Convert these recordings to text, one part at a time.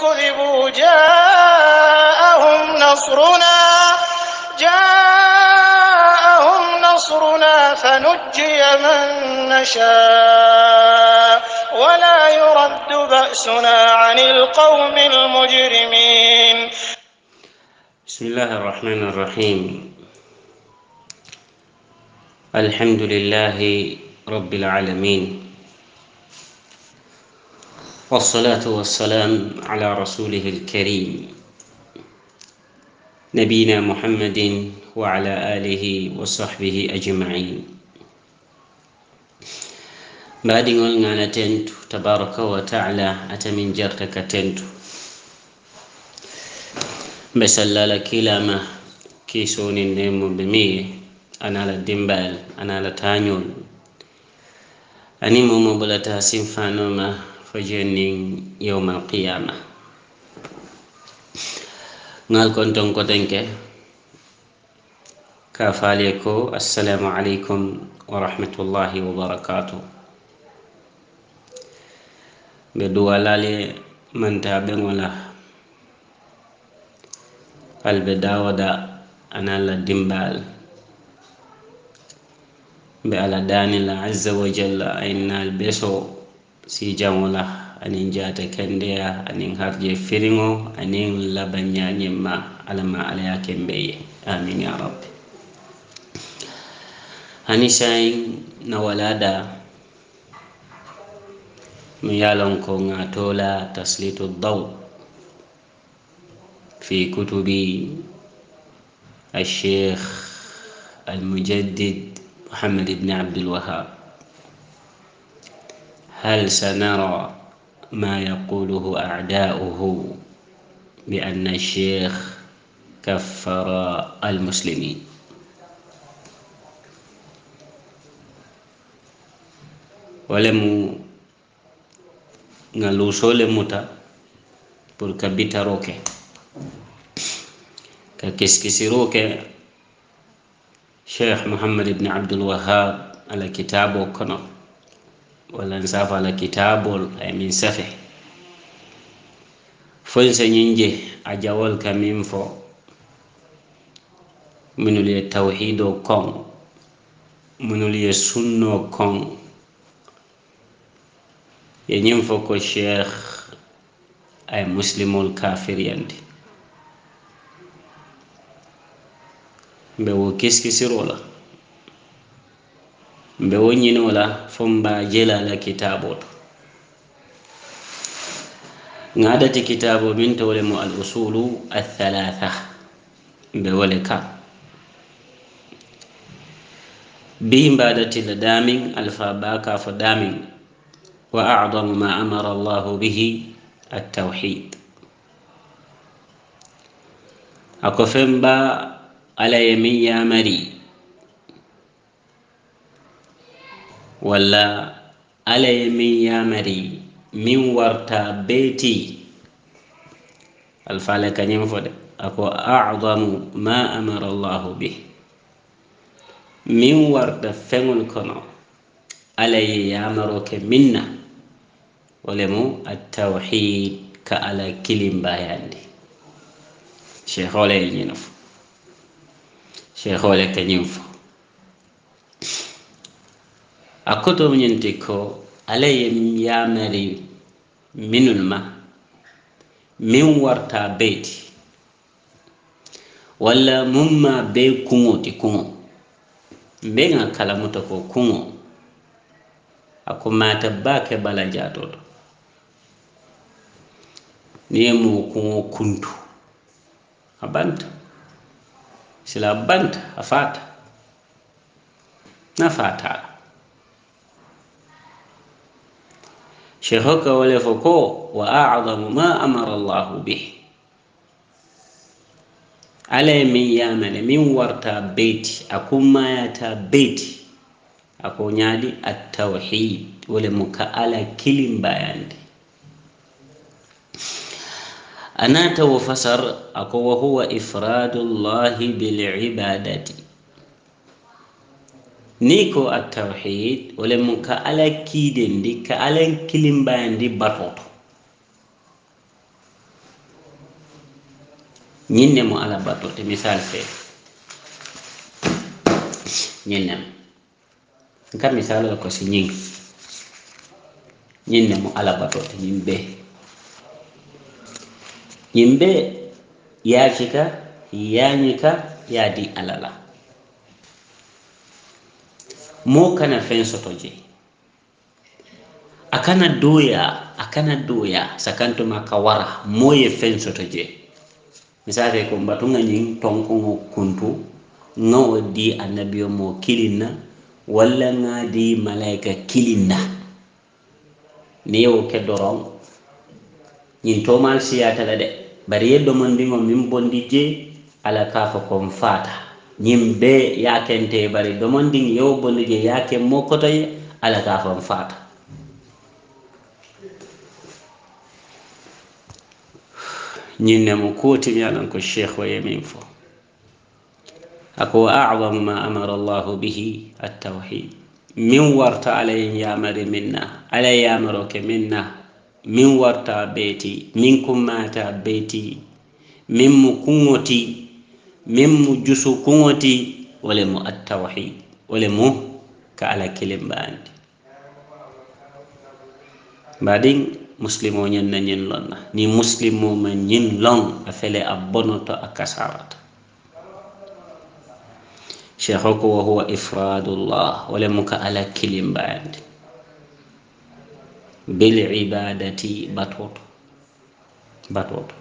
كذبوا جاءهم نصرنا جاءهم نصرنا فنجي من نشاء ولا يرد بأسنا عن القوم المجرمين بسم الله الرحمن الرحيم الحمد لله رب العالمين والصلاة والسلام على رسوله الكريم نبينا محمد وعلى آله وصحبه أجمعين بعدين قلنا نتنت تبارك وتعالى أتمن جرتك تنت بس الله كلامة كيسون النمو بمي أنا لدنبال أنا لتانيون أنا مو مبلتها سنفانو fajeenin yawmal qiyama ngal kon ton ko denke ka faale ko assalamu aleykum wa rahmatullahi wa barakatuh ɓe duwalale manta ɓeŋola alɓe dawoda anala dimbal ɓe ala danila azza wa jalla aynnal ɓe soo si jaŋola aniŋ jaata kendeya anin harje firingo anin labanya ma alama alaya kembeye amin ya rabbi hani sayiŋ na walada miyalon ko ngatola taslitu daw fi kutubi الشيخ المجدد محمد بن عبد الوهاب هل سنرى ما يقوله أعداؤه بأن الشيخ كفر المسلمين walemu nga luusole muta pour ka bitaro ke ka kiskisiro ke cheikh mohammad ibni abdulwahab ala kitabo kono walla nsafa la kitabol min safi fonse ñiŋ je a jawol ka fo minul ye tawhido koŋ minul ye sunno koŋ ye ñiŋ fo ko sheikh ay muslimol kafiriyandi mbe wo kiskisiro la mbe wo ñino la fomba jela la kitabo ngada ti kitabo min to wole mo al usulu al thalatha mbe wole ka bi mbada ti la daming al fa ba ka fa daming wa a'dham ma amara allah bihi التوحيد أكفن با على يمين يا مري walla alaye min yamari min warta beyti alfaale kañum fo de ako adamu ma amara allahu bih min warta feŋol kono alaye yamaro ke minna wo le mu atawhid ka ala kilimbayandi sheikhole ñinofo sheikhole kañum fo a kotom ñinti ko ala ye yaamari minul ma min warta beyti walla mun ma be kuŋo ti kuŋo mbe ŋa kalamuta ko kuŋo a ko maata baa ke bala jaato to niŋ ye moo kuŋo kuntu a banta sila banta a faata na faataa la شهوك ولفكو وأعظم ما أمر الله به على من يعمل من ورطة بيت أكون ما يتا بيت أكون يالي التوحيد ولمك على كلم بياندي أنا توفسر أكو وهو إفراد الله بالعبادة ni ko atawhid wolemu ka ala kiidendi ka alan kilimbayandi batoto ñinne mo ala batote misal fee ñinnem ka misalola ko si ñing ñinne mo ala batote ñin be ñin be yaafika yaañika yaadi alala mo kana feŋ soto je a kana doya a kana doya sakantoma ka wara mo ye feŋ soto je misaate ko batuŋa ñiŋ tonkoŋo kuntu ŋa wo di annabiyo mo kiliŋ na walla ŋa di malaika kiliŋ na niŋ yewo ke doroŋ ñiŋ tomal siyaata la de bari ye domondiŋo miŋ bondi je ala ka fo ko n faata ñimɓe yakente bari domondin yewo bonni je yake mokkotoye ala gafan fata ñinnemo kotimi anan ko cheikh wa yemin fo ako aadamu ma amara allahu bihi altawhid min warta alayen yamare minna alay yamaroke minna min warta beyti min kummata beyti min mo kuŋŋoti من جسوكوتي ولمو التوحيد ولمو كالا كلم باند بعدين مسلمو ينن ينن لنا ني مسلمو من ينن لن أفلي أبنوتا أكسارتا شيخوك وهو إفراد الله ولمو كالا كلم باند بالعبادة بطوط بطوط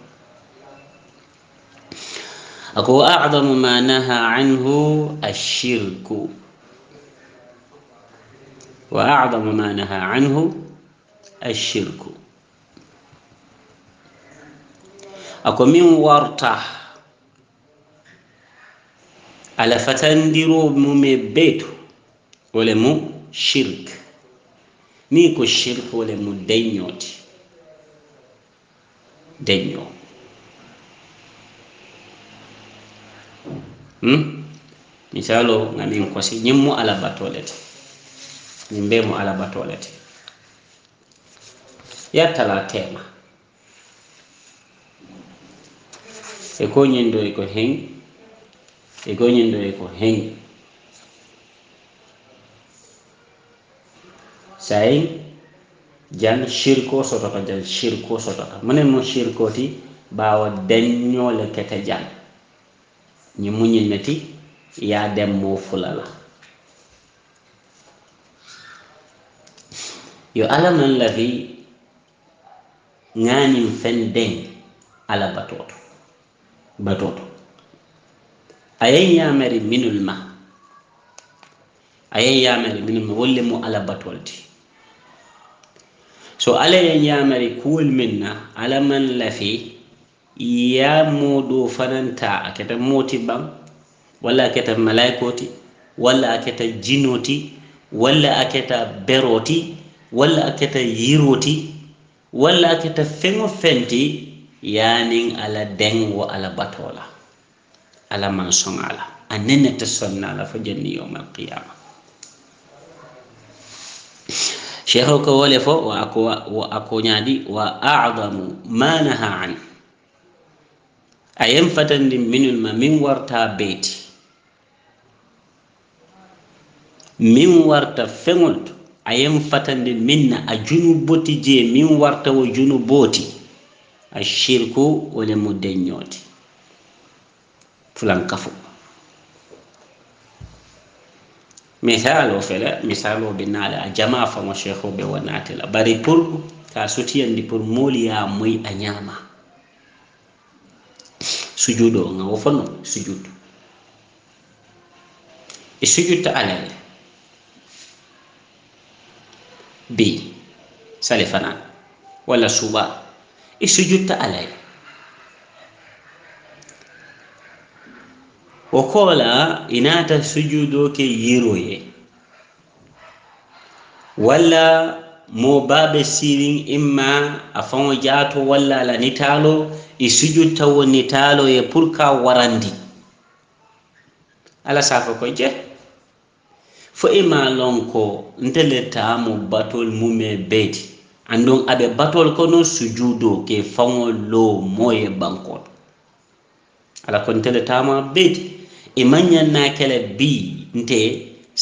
أكو أعظم ما نهى عنه الشرك وأعظم ما نهى عنه الشرك أكو من ورطة على فتندرو ممبيت ولمو شرك ميكو الشرك ولمو دينيوتي دينيوتي hmm? misalo nga min kosi ñin mo ala batolete min be mo ala batolete yattala tema e ko ñindo e ko heŋ e ko ñindo e ko heŋ sayi jan shirko sotoka jan shirko sotoka mane mo shirko ti bawa dañole kete jan ñu muñ nati yaa dem moo fula la yo alaman la fi ŋaanim fen deŋ ala batooto batooto ayey yaamari minul ma ayey yaamari minul ma wolle mu ala batool ti so alayen yaamari kuwol min na alaman la fi yamodo fananta a keta moti ɓam walla a keta malaikoti walla a keta jinoti walla a keta beroti walla a keta yiroti walla a keta feŋo fenti yanin ala deŋo ala batola ala mansoŋ ala a nenete sonna ala fo janni yowmal qiyama sheikhoko wole fo wa ako wa ako ñadi wa adamu ma naha an a yenfatandi minun ma min warta beyti min warta feŋol to a yenfatandi min na a junu boti jee min warta wo junu booti a sirku wo le mu deññooti fulankafu misal o fele misal o binnaale a jamaa faŋo cheikh o ɓe wonaate la bari pour ka sutiyandi pour mooliyaa moyi a ñaamaa sujuudo o ngam o fonno sujud e sujudta alele bi salifanan walla suuɓa e sujudta alele o koola inaata sujuudoke yiroye walla mo baɓe sirin imma a fawo jaato walla ala nitaalo e sujud tawo nitaalo e pour ka warandi ala safa ko je fo ima lonko ntelettamo batol mume beedi andon aɓe batol kono sujudo ke fawo low moye bankol ala ko ntelettamo beedi e mañannakele bi nte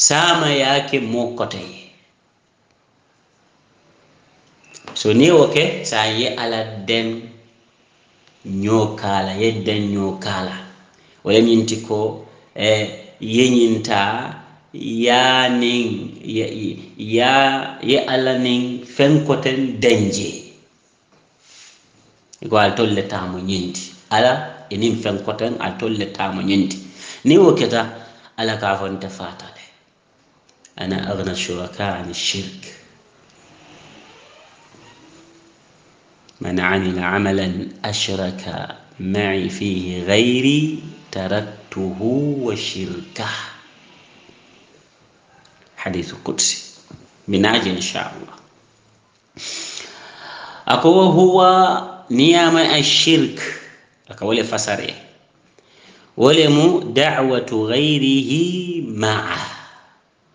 sama yaake mo kotoye so ni wo ke sa ye ala den ñoo kaala ye den ñoo kaala wo le ñinti ko eh, ye ñinta ya nin ya, ye ala nin fen koten denje ko al tolle tamo ñinti ala enin fen koten al tolle tamo ñinti ni wo keta ala ka fonte fatale ana agna shuraka an shirk من عمل عملا أشرك معي فيه غيري تركته وشركه حديث قدسي بناجي إن شاء الله أقوى هو نيام الشرك أقوى لفسره ولم دعوة غيره معه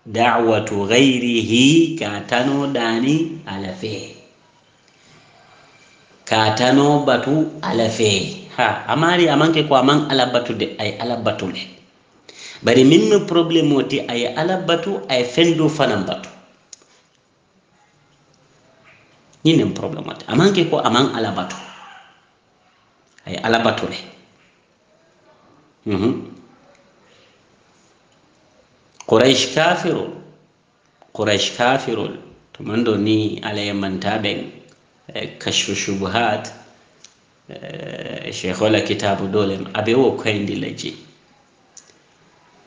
دعوة غيره كاتنو داني على فيه katano batu ala fee ha amari amanke ko aman ala batude ay ala batule bari min no probléme oti ay ala batu ay fendo fanan batu ñinen probléme oti amanke ko aman ala batu ay ala batule mhm. quraish kafirol quraish kafirol to mando ni alayemantaɓen cachre choubahat cheikhola e, e kitabu dolem aɓe wo koyndi leji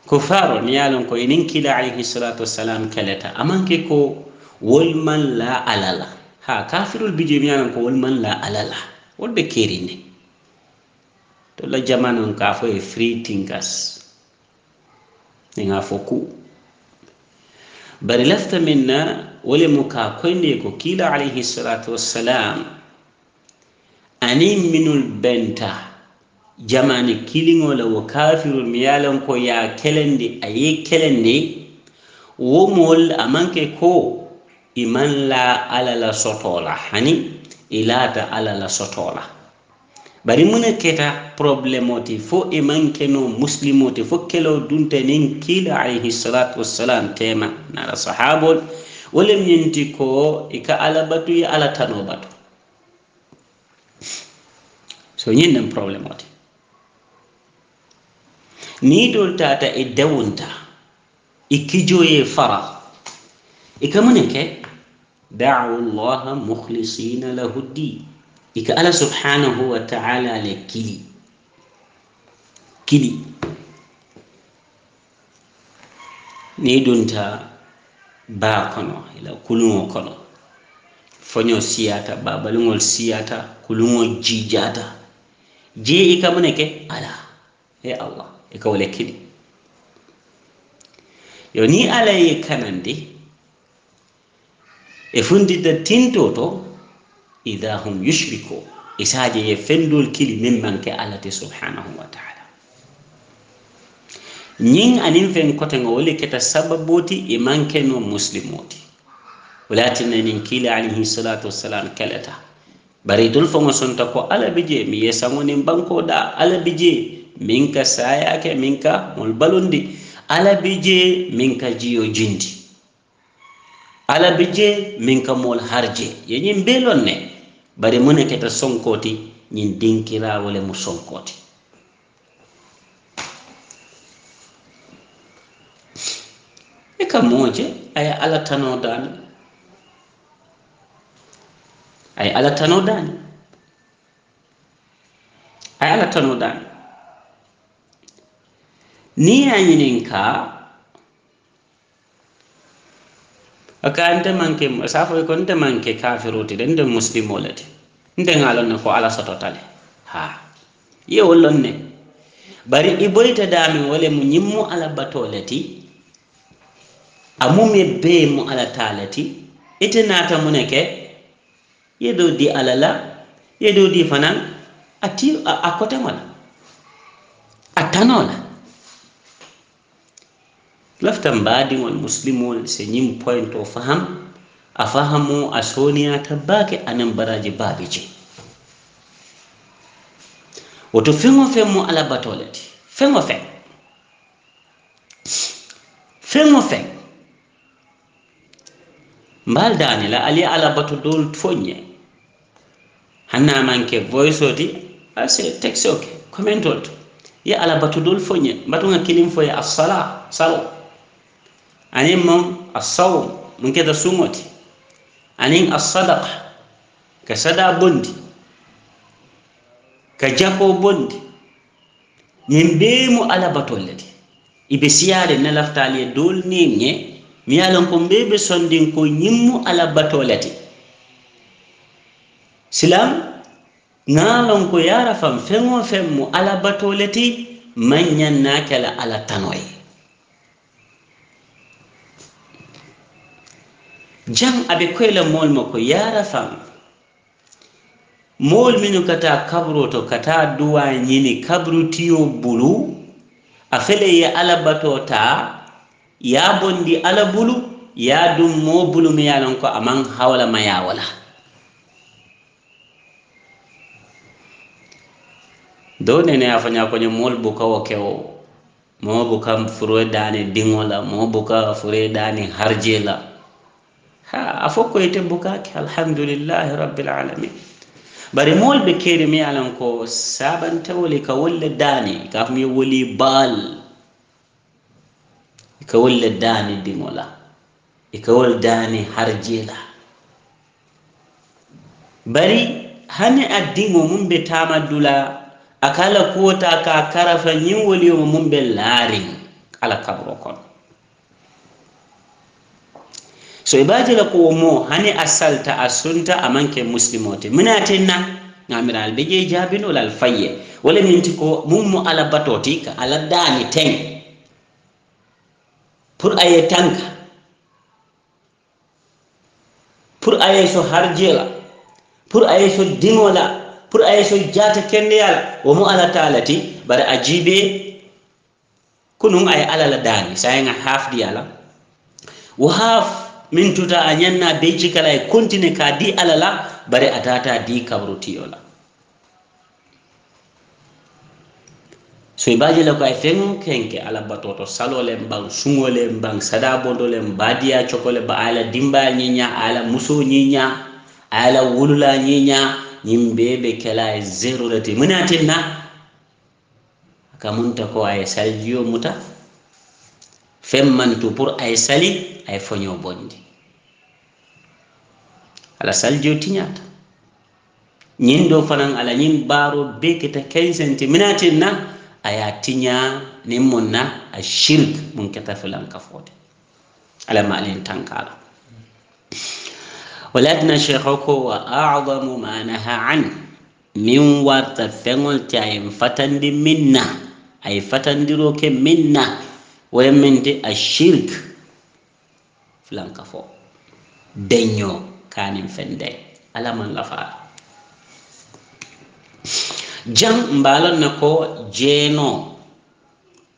kofaro niyalon ko enin kila alayhi salatu wassalam keleta amanke ko wolman la alala ha kafirul bijo miyalon ko wolman la alala wolɓe kerine tola jamanon ka fo e fri tinkas ega fo ku bari lafta minna wolemu ka koyndeko kiila alayhi salatu wassalam ani minul benta jamani kilingola wo kafiru mi yalanko ya kelendi a ye kelendi womol amanke ko imanla alala sotola hani ilata alala sotola bari mune keta problemoti fo e manke no muslimoti fo kelo dunte nin kila alayhi salatu wassalam tema na la sahabol wolem ñinti ko e ka alabatu ya ala tano batu so ñin nen problemoti ni dol tata e dewunta e kijoye fara e ka mune ke da'u allaha mukhlisina lahu ddin ika ala subhanahu wa taala le kili kili ni dunta baa kono ila kuluŋo kono foño siyata babaluŋol siyata kuluŋo jijata jee i ka mune ke ala e allah i e ka wo le kili yo ni ala ye kanandi e fundita tintoto ida hum yushriko isaje ye fendol kili min manke allate subhanahu wa taala ñin anin fen kotego woli keta sababoti e manke no muslimoti walatinna nin kiile alayhi salatu wassalam keleta bari dol fogo sonta ko alabi je mi yesamo nin bankoda alabi je min ka sayake min ka mol balondi alabi je min ka jiyo jindi alabi je min ka mol harje yeñin belon ne bari mu nekketa sonkoti ñin dinkirawole mu sonkoti e ka moo mooje ay ala tano daani ay ala tano daani ay ala tano daani niŋ ya ñinin kaa ok ante manque safoy ko nde manque kafirute de nde muslim olete nde ngalonne ko ala sototale ha ye wollonne bari i boyta dami wole mu ñimmu ala batoleti amume be mu ala talati ite nata mune ke yedo di alala yedo di fanan ati a, a kotemala a tanola laftan mbaadigol muslimol se ñim point o faham a fahamo a sooniya tabbaake anan baraji baabije woto feŋo feŋ mo alabatole ti feŋo feŋ feŋo feŋ mbaal daani la ali alabato dool foñe hanna manke voice o ti ase texoke commentol to ye alabato dool foñe mbatuga kilim foye assala salo anin mon assawm mun keta sumoti anin assadaka ka sada bondi ka jako bondi nin ɓeemo alabatolle de ibe siyaade nelaftaali e dolnin ye miyalon ko mbeɓe sondin ko ñimmo alabatole te silam naalon ko yara fam feŋo feŋ mo alabatole te mannyannakela ala tanoye jam aɓe koyla mool makko yara fam mool minu kata kabro to kata duwa ñini kabru tiyo bulu a fele ye ala batota ya bondi ala bulu ya dum mo bulu mi yalon ko aman hawla maya wala do nene a faña koño mool buka wo kewo mo buka furo dani dingola mo buka furo dani harje la ha a fokko e tembukaki alhamdulillahi rabbil alamin bare molɓe keeri mi alan ko sabantawoli ka wolle daani kafmi woli baal e ka wolle daani dimola e ka wol daani har jeela bari hani a dimo mum ɓe tama dula a kala kuwota ka karafa ñin woli omo mum ɓe laarin ala kabro kono so e baajila kowo mo hani a salta a sunta a manke muslimote minaten na ngamira al beƴe jabinol al fayye wala minti ko mummo ala batoti ka ala daani teng pour aye tanka pour aye so harjela pour aye so dimola pour aye so jata kendeyala womo ala taalati bara a jiibe ko nun aye alala daani sayenga haafdiyala wo haaf min tuta a ñanna bey cikala e continue ka di alala bare a tata di kabrutiyola soybaji le ko ay feŋ kenke ala batoto salole mbaŋ suŋole mbaŋ sadabondole mbadiya cokole ba ayla dimbayal ñiña ayla muso ñiña ayla wulula ñiña ñim beɓe kelaye zéro lati mena tinna ka munta ko aye saljiyo muta femmantu pour ay sali ay foñoo bonndi ala sali jootiñaata ñin ɗo fanan ala ñin baaro bekita kencenti minatin na a ya tiña nin mun na a shirque mun keta filankafoote ala maalin tankala walatna cheikho ko wa adamu ma naha an min warta feŋol ti ayen fatandi min na aye fatandiro ke min na wremente a shirk flanka fo deño kanim fende alaman lafar jan mbalan na ko jeno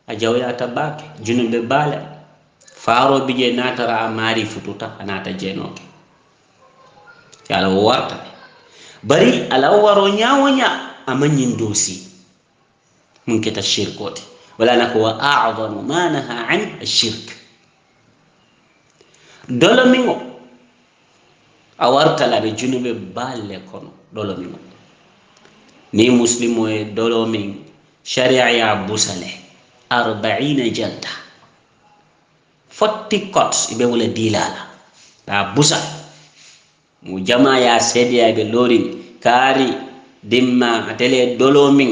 a jawyata bake junube bala faro bije natara a mari fututa anata jenoke yala warta bari alawaro nyawanya amanyin dosi munketa shirkote walana howa adamu manaha an alshirk dolomigo a wartalade junube balle kono dolomigo ni muslimo e dolomin shariaya busale arbaina jalda fotti cots iɓe wula dilala ta busa mu jama ya seedeyaɓe lorin kaari dimma atele dolomin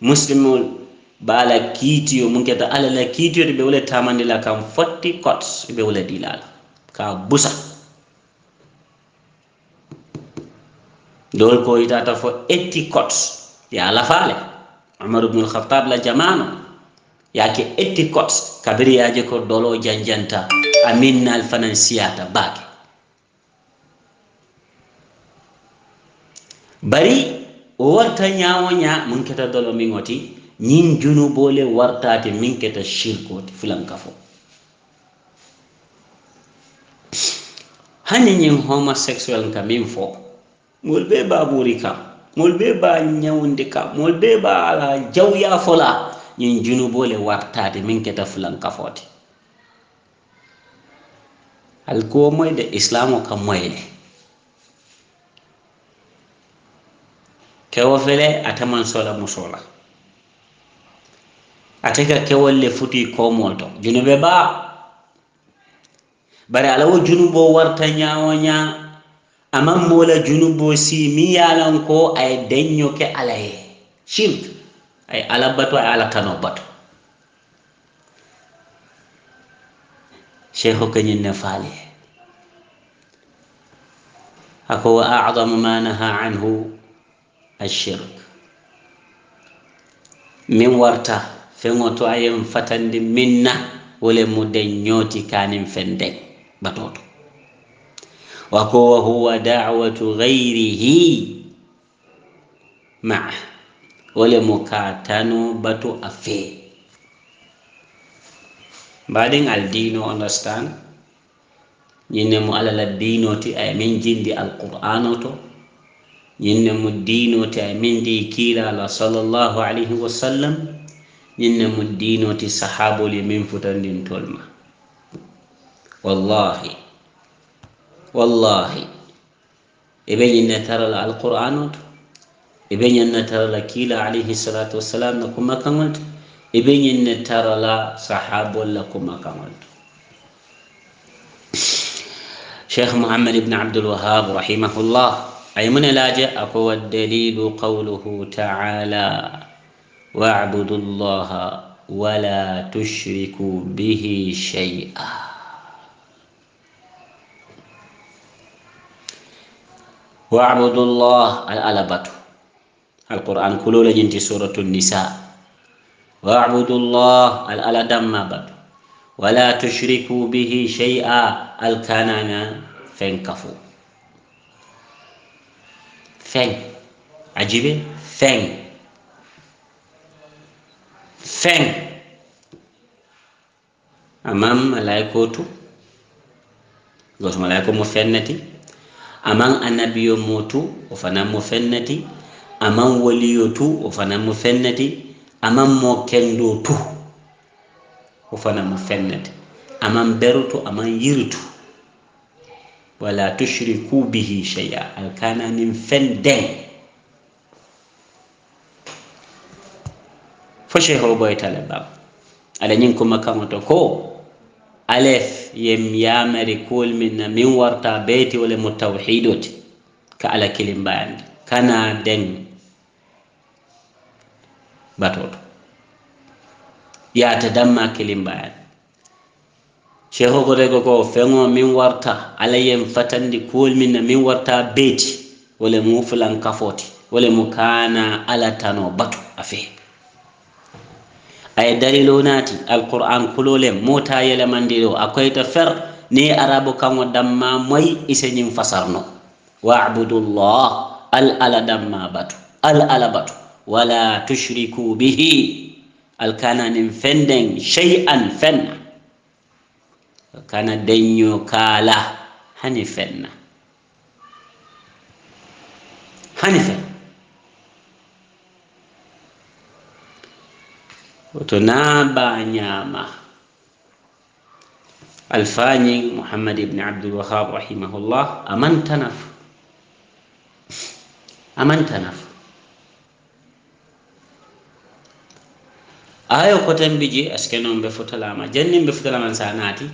muslimol baala kiitiyo mun keta ala la kiitiyo te ɓe wole tamandi la kam fotti cot ɓe wole dilala ka busa dol ko itata fo etti cot ya lafale omar ubnu lhatab la jamano yake etti cot kabiriyaji ko dolo janjanta aminnal financiata baake bari o warta ñawo ña mun keta dolo min oti ñin junuboole wartaate min keta sirkote fulanka fo hani ñin homosexuel ka min fo ngol be baaburi ka ngol be baa ñawndi ka ngol be baa ala jawya fola ñin junuboole wartaate min keta fulanka fote alkuwo moy de islamo ka moyle kewo fele ataman sola musola ateka kewolle futi komolto junube ba bare alawo junubo warta ñawoña aman mola junubo si mi yalanko ay deñoke alaye shirk ay ala bato ay ala kano bato sheikho kañin ne faali ako wa aadamu ma naha anhu alshirk min warta feŋo to a yen fatandi min na wo le mu den ñooti kanin fende batoto wa ko wa huwa dawatu gayrihi maa wo le mu ka tano bato a fee mbaɗin aldino understand ñinne mo ala la dinoti ay min jindi alqur'ano to ñinne mo dinoti ay min di kiilala sallllahu alayhi wa sallam ninne mu diinoti sahabol e min futandintol ma wallahi wallahi e ɓeñinne taral alqur'an oto e ɓeñinne tarala kiila alayhi salatu wassalam na kumakagol to e ɓeñinne tarala sahabolla kumakagol to cheikh mouhamad ibne abdulwahab rahimahullah aymune laaje ako wa dalilu qawluhu taala واعبدوا الله ولا تشركوا به شيئا واعبدوا الله الألبة القرآن كله لجنتي سورة النساء واعبدوا الله الألدم ما ولا تشركوا به شيئا الكنانا فانكفوا فان عجيب فان feŋ amaŋ malaikootu goto malaiko mo fennati amaŋ annabiyo mootu o fanaŋ mo fennati amaŋ waliyo tu o fanaŋ mo fennati amaŋ mo kendoo tu o fanaŋ mo fennati amaŋ berutu amaŋ yiritu wala tushriku bihi shay'a alkana nin feŋ deŋ fo cheikh o ɓoytale e ɓam ala ñing kuma kaŋoto ko alef yem yamari kuol minna min warta beyti wole mo tawhidoti ka ala kili mbayandi kana deng batoto yaata damma kili mbayandi cheikh o ko rego ko feŋo min warta ala yem fatandi kuol minna min warta beyti wole mu fulan kafoti wole mu kana ala tano bato a fehe aye dalilo naati alquran kulolen mota yelamandi ɗo a koyta fer ni arabu kanŋo damma moyi isenñin fasarno wabudullah al ala damma batu al ala batu wala tushriku bihi alkananin fenden chey an fenna kana deño kaala hani fenna hani fenna to naaba ñaama alfaañi mouhammad ibni abdulwahab rahimahullah amantanaf amantanaf aayo koten mbiji aske noon mbe fotalaama janni mbe fotalaama so naati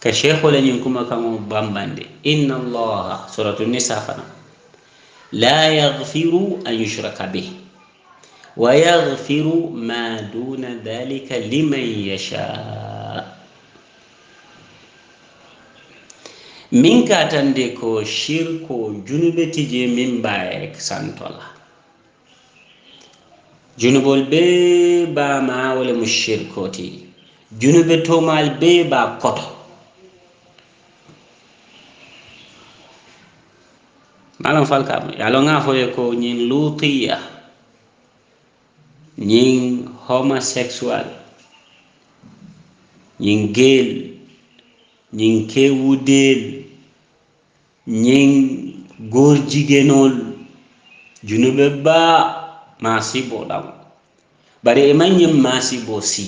ka cheikholeñin kuma kango bambande inna allaha suratu nisa fana la yahfiru an yushraka bih wayagfiru ma duna dalika liman yasha min katande ko shirko junubeti je min baye santola junubol be ba mawole mu shirkoti junube tomal be ba koto malam falkam yalo ngafoye ko ñin lutiya ñiŋ homosexual ñiŋ géel ñiŋ kéwudéel ñiŋ góor jigénool junube baa maasibo law bari ima e ñim maasibo si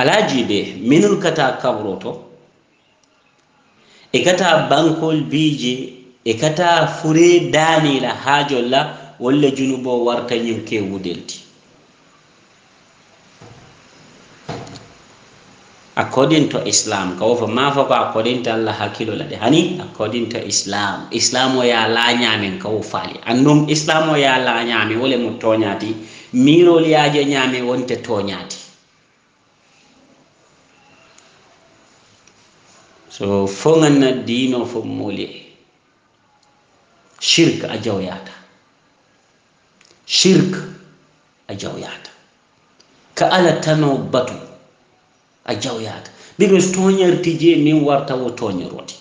alaa jiibee minul kata kawroto e kata bankol biije e kata furee daanila haajol la walla junubo warta ñiw kewudelti according to islam ka wofa ma fo ko according to allah hakkilo laɗe hani according to islam islam o ya lañamen ka wo faali anndum islam o ya lañame wole mo toñati mirol yaje ñame wonte toñati so fo ganna dino fo moolie shirque a jawyata shirk a jawyata ka ala tano batu a jawyata because toñarti je min warta وطي toñiroti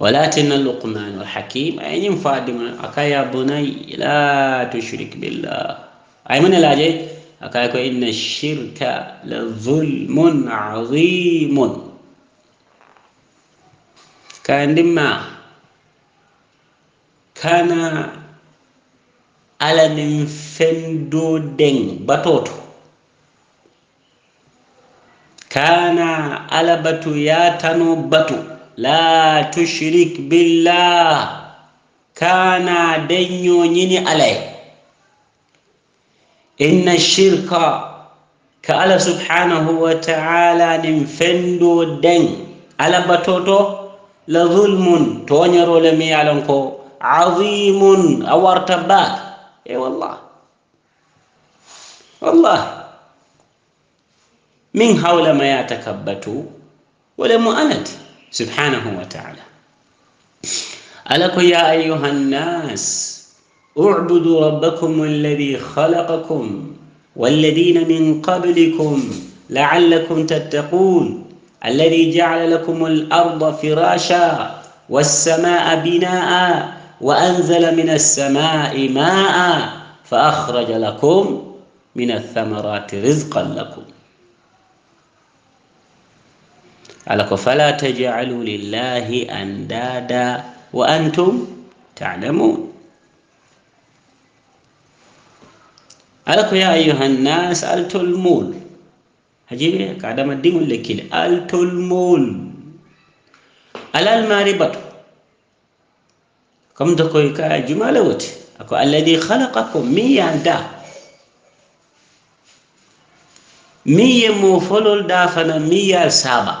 ولكن اللقمان الحكيم أين فادما أكا يا بني لا تشرك بالله أي من الأجي جي أكا إن الشرك لظلم عظيم كان دمّا kana alanin fendoden batoto kana alabatu ya tano bato la tushrik billah kana danyo yini alai inna shirka ka ala subhanahu wa ta'ala nin fendo den alabatoto la zulmun towanyarolemi alanko عظيم أو ارتباك إي والله والله من حول ما يتكبتوا ولم أنت سبحانه وتعالى ألك يا أيها الناس اعبدوا ربكم الذي خلقكم والذين من قبلكم لعلكم تتقون الذي جعل لكم الأرض فراشا والسماء بناء وأنزل من السماء ماء فأخرج لكم من الثمرات رزقا لكم فلا تجعلوا لله أندادا وأنتم تعلمون ألك يا أيها الناس التلمون هجيبه قاعدة الدين لكل التلمون على الماربط kam da koy ka jumala wati ako alladhi khalaqakum mi yanda mi ye mo folol da fana mi yal saba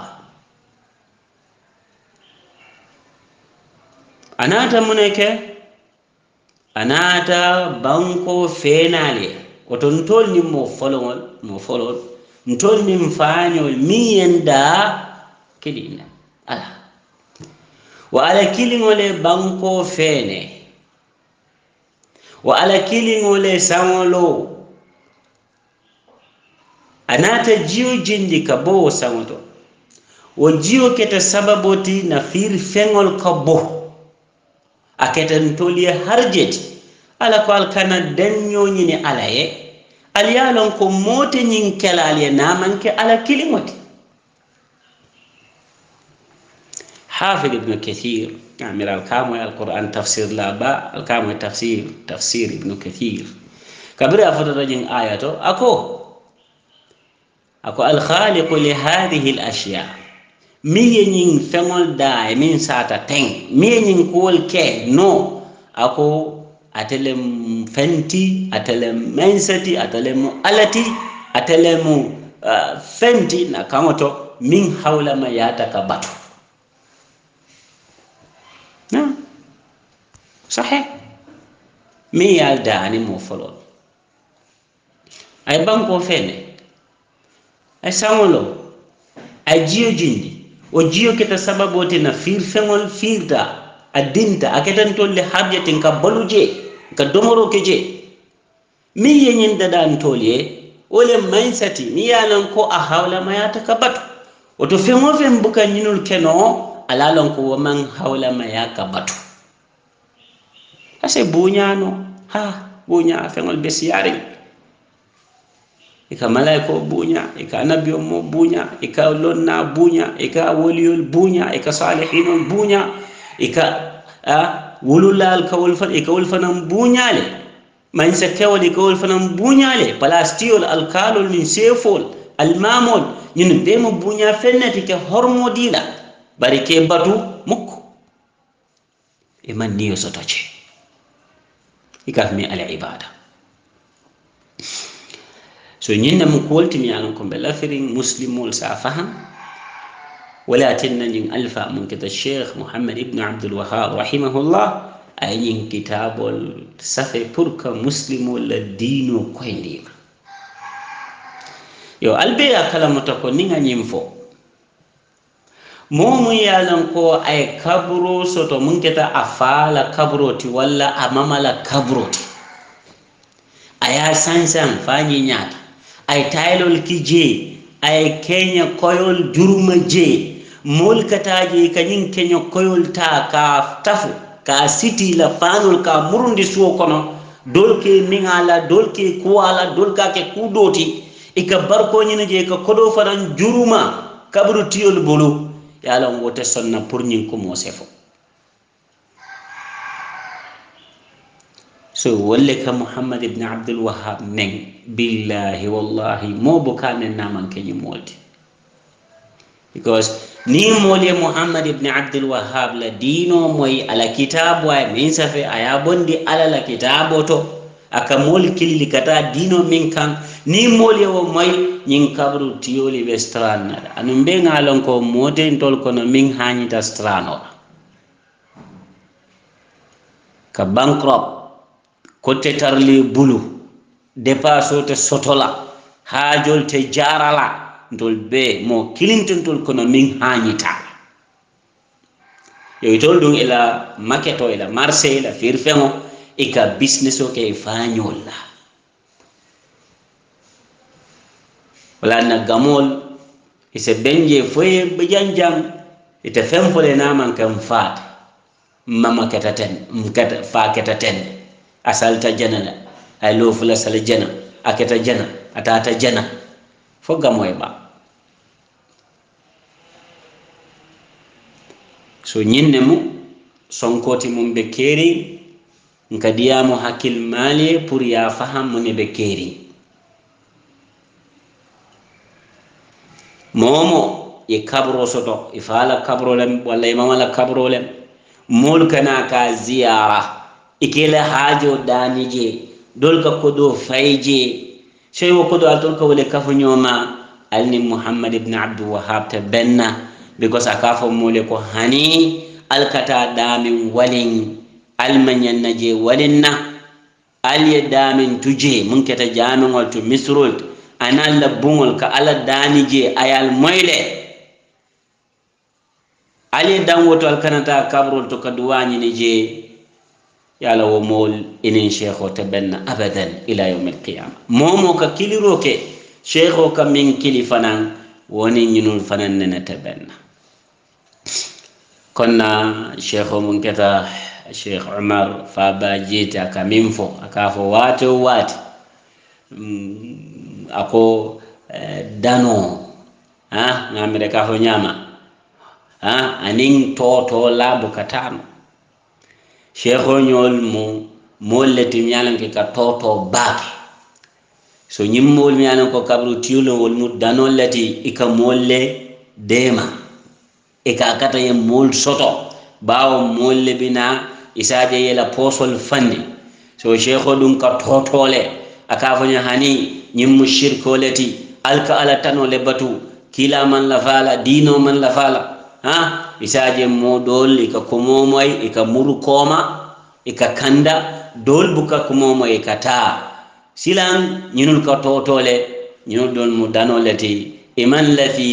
anata muneke anata banko fenale koto ntol ni mo folol mo folol ntol ni mfanyo mi yanda kidina ala wa ala kiliŋole banko fene wa ala kiliŋole saŋolo a naata jiyo jindi ka bo wo saŋo to wo jiyo keta sababo ti nafiiri feŋol ka bo a keta ntolu ye harjeti ala ko al kana danño ñini ala ye ali ye a loŋ ko moo te ñiŋ kela ali ye naamaŋ ke ala kiliŋo ti hafid ibnu kathir amir ah, alkamo e alquran tafsir laba alkamo e tafsir tafsir ibnu kathir kabri a fotataƴen aya to ako ako alhaliqu li hadihi l asia mi yeñin feŋol da e min sata teŋ mi yeñin kuwol ke no ako atelem fenti atelem mensati atelemu alati atelemu uh, ah, fenti na kaŋo to min hawlama yata ka batu sohe min yal daani mo folol ay banko fene ay sangolo ay jiyo jindi o jiyo keta sababo te na fiir feŋol fiirta a dinta a ketantolle harje ten ka balu je ka domoro ke je min yeñin daɗantol ye wole maysati mi yalan ko a hawla mayata ka batu oto feŋo feŋ buka ñinol keno alalan ko woman hawla maya ka batu parce que boñano ha boña feŋol besiyare e ka malayika o buña e ka anabiyol mo buña e ka lonna buña e ka woliyol buña e ka salihinol buña e ka wululal kawolfan e kawol fanan buñale mañsa kewol e kawol fanan buñale palastiyol alkalol min sefol almamol ñin ɓemo buña fennati ke hormodiɗa bari ke batu mokko e man niyo sotoce igatmi ala ibada so ñinna mo koltimi yalan ko mbe lafirin muslimol sa faham wala tinna ñin alfa mun kita cheikh mohammad ibnu abdul wahab rahimahullah ay ñin kitabol safe pour que muslimol la diino koyndima yo albeya kalamata ko ninga ñin fo momum yalan ko ay kabro soto munketa a fala kabroti walla a mamala kabroti aya sansan fañi ñaata ay taylol ki je ay keña koyol jurma je molkataji kañin keña koyol ta ka tafu ka siti la fanol ka murundi suo kono dolke miŋala dolke kuwala dolkake kudoti ika barkoñina je ka kodo faran juruma kabru tiyol bolu ye alan wote sonna pour ñin commencé fo so wolle ka mouhamad ibne abdulwahab neng billahi wallahi moo bokane namanke ñi moolde because ni moolye mouhamad ibne abdulwahab la diino moy ala kitabu ay min safe aya bondi ala la kitabo to aka mool killi kata diino min kan ni moolye wo moy yin kabru tiyoli ɓe stranade anum mbe ngalon ko modentol kono min hañita stranora ka bancrop kotte tarle bulu dépase te sotola haajol te jarala ntol be mo kilintontol kono min hañita yowitol ɗum ila maquet o ila marché ila firfeŋo ika e business o ke fañolla wala naggamol ise benje foye ɓe jan jam ite fenfole naman kam faate mama ketaten fa ketatenne a salta jena la ay loofula sala jena a keta jena a tata jena fo gamoy ɓa so ñinne mu sonkoti mum ɓe keeri nka diyamo hakkil maalie pour ya faham mu ne ɓe keeri momo e kabro soto e faala kabrolem walla e mamala kabrolem molkana ka ziyara e kela haajo daanije dolka kodo fayje sey wo kodo altolka wole kafoñoma alni mouhammad ibne abdulwahab ta benna ɓe gosa ka fommole ko hani alkata daamin walin almañannaje walin na alye daamin tuje munketa jaamiol to misrol anal labbugol ka allah daani je ayal moyle ali danwotol kanata kabrol to kaduwañini je yaala wo mowol enen cheikho te benna abadan ila yaum alqiyama momo ka kiliroke cheikho ka min kili fanan woni ñinol fanan nene te benna konna cheikho mum keta cheikh omar fa ba jeyte aka min fo aka fo waate o waate mm, ako e, dano ha ngamire ka ho nyama ha anin toto labu katano shekho nyol mo molleti nyalanke ka toto baake so nyim mol nyalan ko kabru tiulo wol mu dano lati ika molle dema ika kata ye mol soto bawo molle bina isaje yela posol fandi so shekho dum ka totole to akafoña hani ñimmu sirkoleti alka ala tano le batu kilaman la fala dinoman la fala ha isaje mo dol ika kumomoy ika muru koma ika kanda dol buka kumomoy ika ta silan ñinul ka totole ñinul don mu danoleti iman lafi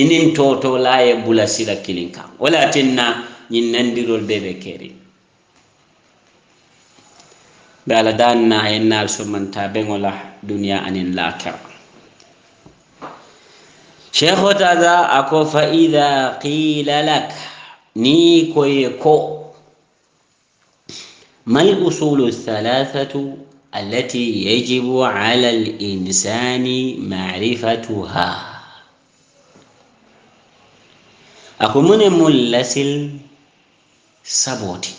inin toto laye bula sila kilin kan wala tinna ñin nandirol bebe kerin ɓe ala danna ayen naal sommanta beŋola duniya anin lakira cheikh otaga ako fa ida qila lak ni koye ko ما الأصول الثلاثة التي يجب على الإنسان معرفتها أكو من ملسل سبوتي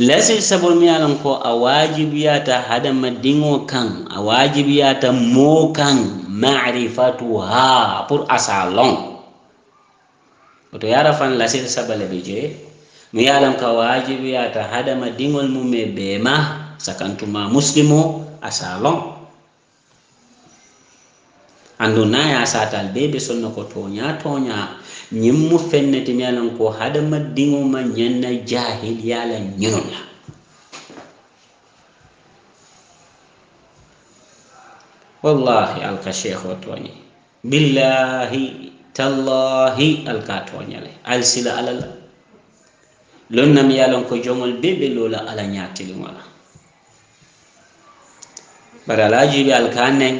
lasil sabolmi alon ko a wajibiyata hadama dingo kan a wajibiyata moo kan marifatu ha pour asa long oto yara fan lasil sabale ɓe je mi yalan ko wajibiyata hadama dingol mume be ma sakantuma muslimo asa long andu naya satal be ɓe sonno ko toña toña ñimmu fennete ñalan ko hadama diŋoma ñanna jahil yala ñinola wallahi alka cheikh o tooñe billahi tallahi alka tooñale alsila alala lon nam yalan ko joŋol beɓe lola ala ñatiliŋola bara alajiɓe alka neŋ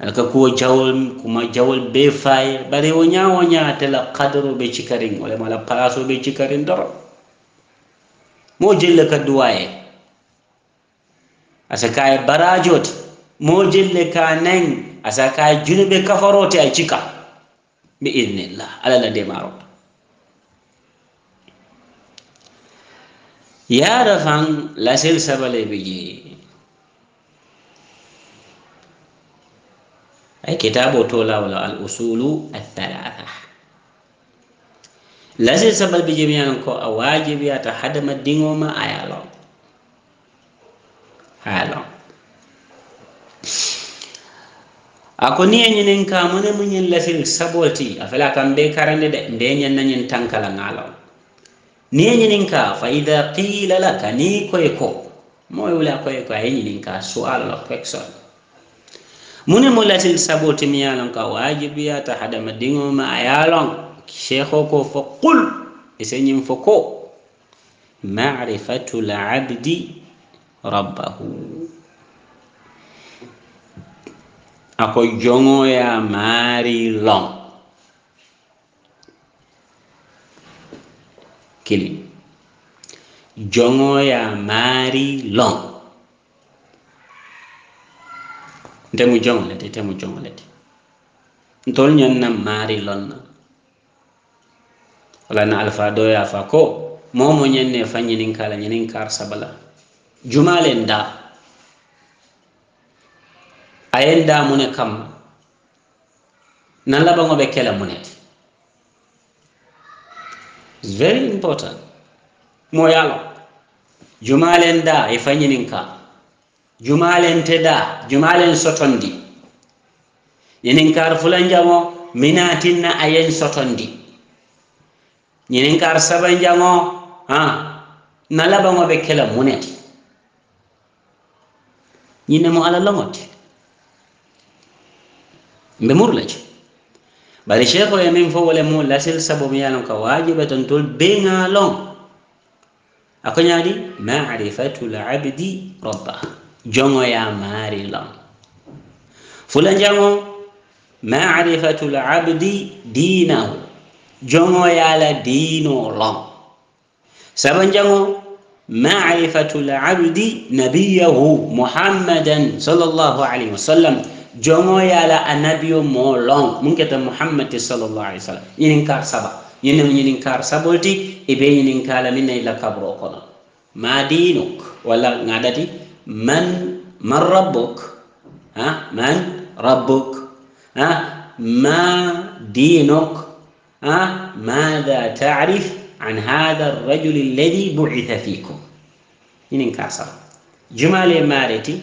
alka kuwo jawol kuma jawol be fayi bare wo ñawo ñatela kadaro ɓe cikarin olemala place o ɓe cikarin doro mo jelle ka duwaye asa kaye barajote mo jelle ka nan asa kaye junuɓe kafarote a cika bi idnillah alala demaro yarafan lasel sabale ɓe jeeyi ay kitabo to lawla al usulu athalatha lasi sabal bi jemiyan ko a wajibiyata hadama dingoma ayalon ayalon a ko niye ñinin ka mune muñin lasil sabolti a fela kam be karande de nde ñen nañin tankala ŋalon niye ñinin ka fa ida qila laka ni koy ko moy wula koy ko aye ñinin ka sual la question mune mo latil saboti mi yalon ka wajibiyata hadama diŋoma a yalon sheikho ko fo qul isañim e fo ko marifatu labdi rabbahu ako joŋoya maari lon kili joŋoya maari lon ndemu jonglete temu jonglete ntol ñannam maari lonna wala na alfa doya fa ko momo ñenne fa ñinin kala ñinin kar sabala jumalen da ayen da mune kam nan laba ngobe kela mune ti very important mo yalo jumalen da e fa ñinin kala jumalen teda jumalen sotondi yinin kar fulanjamo minatinna ayen sotondi yinin kar sabanjamo ha nalabango be kela muneti yine mo ala longote mbe murlaje bari sheikho ya min fo wala mo lasil sabo mi yalon ka wajibe ton tol be ngalon akonyadi ma'rifatu al-'abdi rabbahu jogoya maari lon fula jango marifatu labdi dinahu jogoyala diino lon saba jango marifatu labdi nabiyahu muhammadan salllahu alayhi wa sallam jogoyala a nabiyo mo lon munketa muhammadi salllahu alih wa sallam ñininkar saba ñinemo ñininkar saboti e ɓe ñininkala minnayla kabro kono ma diinok walla ngaɗati من من ربك ها من ربك ها ما دينك ها ماذا تعرف عن هذا الرجل الذي بعث فيكم inin kasar jumale mareti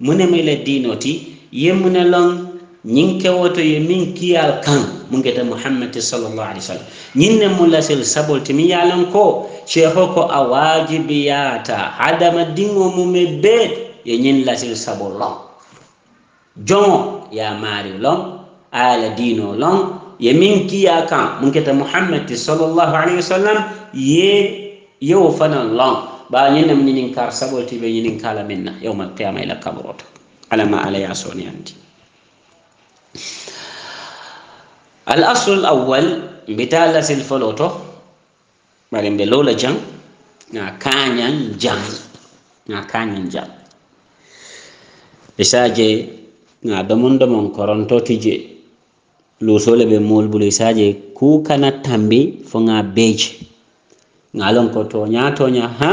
من ميل dinoti yemuna ñinke woto ye min kiyal kan mun keta muhammad sallallahu alaihi wasallam ñin ne mulla sel sabol timi yalan ko sheho ko a wajibiyata adama dingo mu me be ye ñin lasel sabol lo jomo ya mari lo ala dino lo ye min kiya kan mun keta muhammad sallallahu alaihi wasallam ye yow fana lo ba ñin mu ñin kar sabol timi ñin kala minna yawmal qiyamah ila kabrota alama ala yasoni andi al asru l awal mbita lasil folo to ɓaɗe mɓe lowla jam na kañan jam na kañan jam isaje na domon domon korontotije lusole ɓe molbulu isaje kukana tambi foga beje galon ko toña toña ha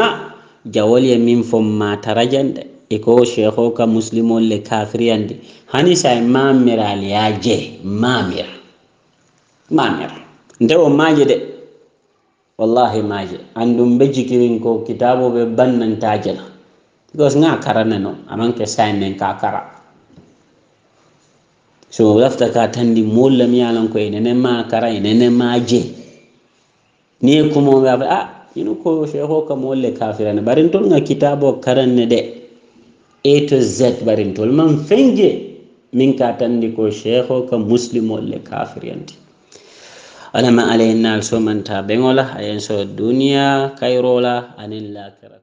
jawolye min fo ma tara jande e ko cheikh o kam muslim on le kafriyande hani saye mamirale ya jeey mamira mamira nde o maaje de wallahi maaje andum ɓe jikirin ko kitabu ɓe bannantaje la because ga karane noon amanke saye men ka kara so lafta ka tandi mollamiyalan ko enene ma kara enene ma jeey ni e kumoɓe a ah, ino ko cheikh o kam on le kafirane ɓarintolga kitabu o karanne de a to z barintol man fenge min ka tandi ko cheikho ka muslimolle kafiriyanti alama alayennal somanta ɓeŋola ayenso duniya kayrola anin lakira